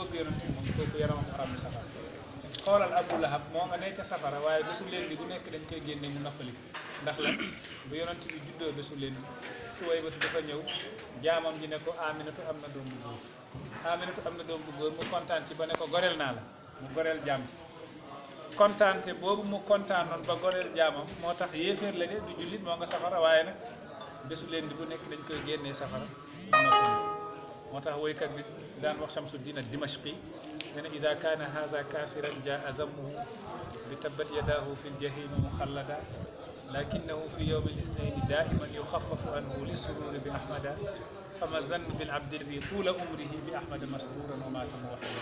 bëgg yonent bi moom kooku yaramam xaram safara xoolal Abu Lahab moo nga nekk safara waaye bésu lendi bu nekk dañ koy génne mu noppali ndax bu yonent bi juddoo bésu lendi su way batu ñëw jaamam ji ne ko am na doom bu góor Aminatu am na doom bu góor kontaan ci ba ko goreel naa la mu goreel jaam boobu mu kontaanoon ba goreel jaamam moo tax yéeféer la de safara waaye nag bésu leen di bu nekk dañ koy génnee safara motax way kat bi daan wax shamsu dina dimashqi nena iza kana hadha kafiran ja azamu bi tabat yadahu fi لكنه في يوم الاثنين دائما يخفف عنه لسرور بن احمد فما ظن بالعبد الذي طول عمره باحمد مسرورا ومات موحدا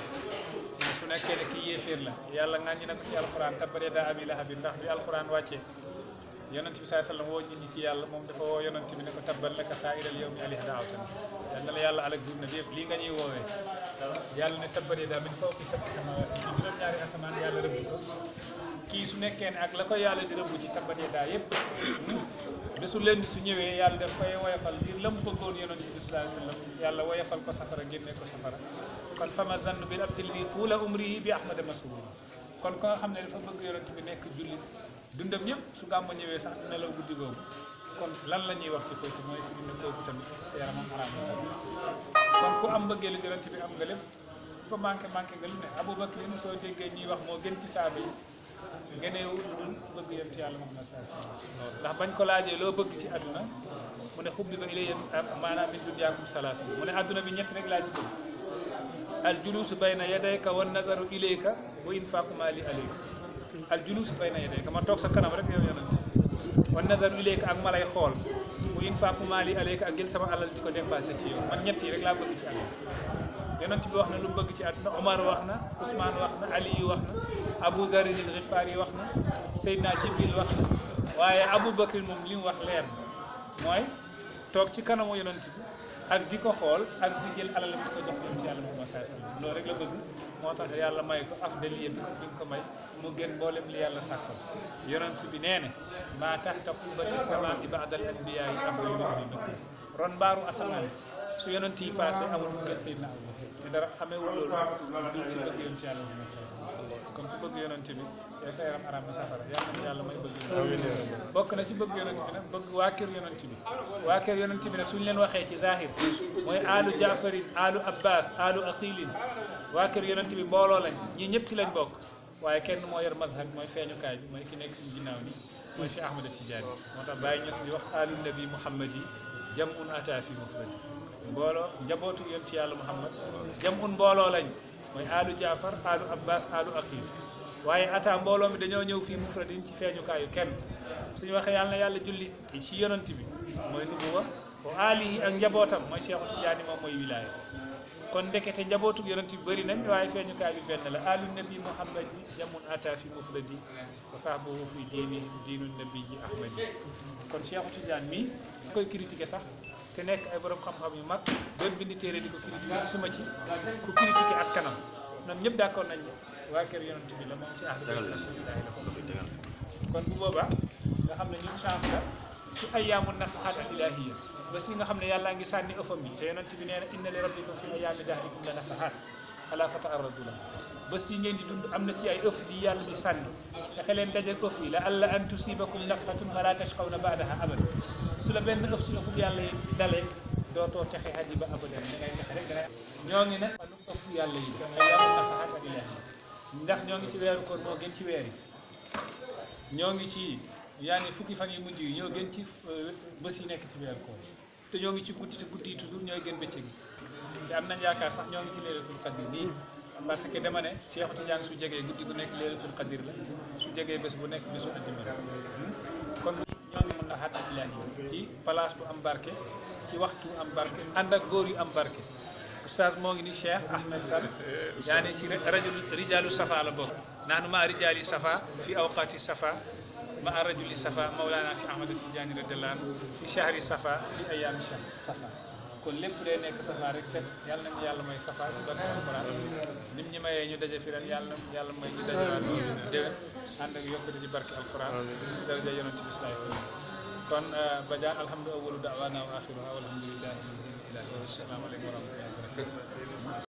سنة كي يفير لا يالا غاني نكو القران تبريدا ابي لهب ندخ القران واتي yonent bi la sallam woo nit ñi ci yàlla moom dafa woo yonent bi ne ko tabbal naka saa iral yow mi alih daaw tan yal na la yàlla alak jurna bi lii nga ñuy woowee yàlla ne tabbal daa min fawqi sab'i samaawaat ci kii su nekkee ak la ko yàlla di rëbb ci tabbal daa yëpp bésu leen su ñëwee yàlla daf koy woyafal lii la mu bëggoon yonent bi sallallahu alayhi wa sallam woyafal ko safara génne ko safara kon fama zannu bil abdi li tuula umrihi bi ahmada masrur kon ko nga xam ne dafa bëgg yonent bi nekk jullit dundam yëpp su gàmmu ñëwee sax nelaw guddi googu kon lan la ñuy wax ci kooku mooy fi ñu kooku tamit yaramam xaraam na sax kon ku am bëggee lu yonent bi am nga lépp ku ko manqué manqué nga lu ne Aboubacar yi soo déggee ñuy wax moo gën ci saaba yi ngeneew lu dul bëgg yonent yàlla Muhammad sallallahu alayhi wasallam ndax bañ ko laajee loo bëgg ci àdduna mu ne xubbi ba ilayya maanaam min dunyaakum salaasa mu ne àdduna bi ñett rek laa ci aljulusu bayna yadayka wan nazaru ilayka wa infaqu mali alayka aljulusu bayna yadayka ma toog sa kanam rek yow yonent wan nazaru ilayka ak ma lay xool wa infaqu mali alayka ak jël sama alal di ko dépensé ci yow man ñett yi rek laa bëgg ci àll yonent bi wax na lu bëgg ci àdduna Omar wax na Ousmane wax na Ali yi wax na Abu Zarin al Ghifari wax na Seydina Jibril wax na waaye Abu Bakr moom li mu wax leer mooy toog ci kanamu yonent bi ak di ko xool ak di jël alal di ko jox ñoom ci yàlla moom saa sallam loolu rek la bëgg moo tax yàlla may ko af de liye bi ko ko may mu gën mboolem li yàlla sàkkoon yonent bi nee na maa tahta qubbati samaai ba'dal anbiyaa'i afdalu mu'minin ron mbaaru asamaan su yonent yi passé amul mu gën Seydina Abubakar te dara xamee wu loolu du ci bëgg yoon ci yàlla moom saa sallam yonent bi yow sa yaram araam na safara yàlla na yàlla may bëgg bokk na ci bëgg yonent bi nag bëgg waa kër yonent bi waa kër yonent bi nag suñu leen waxee ci zahir mooy aalu jaafarin aalu abbas aalu aqilin waa kër yonent bi mbooloo lañ ñii ñëpp ci lañ bokk waaye kenn moo yor mazhab mooy feeñukaay bi mooy ki nekk suñu ginnaaw ni mooy Cheikh Ahmada Tijaani moo tax Baye Niass di wax aalu nabi muhammad yi jam un ata fi mufradi mbooloo njabootu yonent yàlla muhammad jam un mbooloo lañ mooy aalu jaafar aalu abbas aalu aqil waaye ata mbooloo mi dañoo ñëw fii mufradin ci feeñukaayu kenn ñu waxee yàlla na yàlla julli ci yonent bi mooy nubuwa wa yi ak njabootam mooy Cheikhu Tidiane moom mooy wilaaya kon ndekete njabootu yonent bi bëri nañ waaye feeñukaay bi benn la aalu nabi muhammad yi jamun ata fi mufradi wa sahbuhu fi diini diinu nabi ji ahmad yi kon Cheikhu Tidiane mi koy critiqué sax te nekk ay borom xam-xam yu mag doon bind téere di ko suma ci ku critiquer askanam ñoom ñëpp d'accord nañ ne waa kër yonent bi la moom ci ahlu bayti rasulillahi la ko kon bu boobaa nga xam ne ñun chance la ci ayyaamu nafaxaat al ilahiya ba si nga xam ne yàllaa ngi sànni ëffam bi te yonent bi nee na inna li rabbikum fi ayyaami dahrikum la nafaxaat xalaa fata arradu la bés yi ngeen di dund am na ci ay ëf yi yàlla di sànni fexe leen dajek ëf yi la alla an tusibakum nafhatun fala tashqawna baadaha abadan su la benn ëf su ëfu yàlla yi dalee dootoo texe xaj ba abadan da ñoo ngi nag yàlla yi ndax ñoo ngi ci weeru koor moo gën ci weer yi ñoo ngi ci yaa yaani fukki fan yu mujj yi ñoo gën ci euh, bés yi nekk ci weeru koor te ñoo ngi ci guddi te guddi yi ñooy gën bëccëg yi te am nañ yaakaar sax ñoo ngi ci leelatul xadir nii parce que dama ne Cheikh Tidiane su jegee guddi gu nekk leelatul xadir la su jegee bés bu nekk bésu àjjuma kon ñoo ngi mën a xaat ak leen ci place bu am barke ci waxtu am barke ànd ak góor yu am barke oustaz moo ngi ni Cheikh Ahmed Sall yaa ci rajul rijalu safa la bokk naanu maa rijali safa fi awqati safa ma arajuli safa maulana Cheikh Ahmed Tidiane radiyallahu anhu fi shahri safa fi ayami safa kon lépp day nekk safaa rek set yàlla nañu yàlla may safaa ci barke alxuraan nim ñi mayee ñu daje fi ren yàlla na yàlla may ñu daje waat loolu déwén ànd ak yokkute ci barke alxuraan daraja yonent bi salaay salaam kon euh, Badiane alhamdulilah awwalu da'waana wa aaxiruha alhamdulilah. salaamaaleykum wa rahmatulah.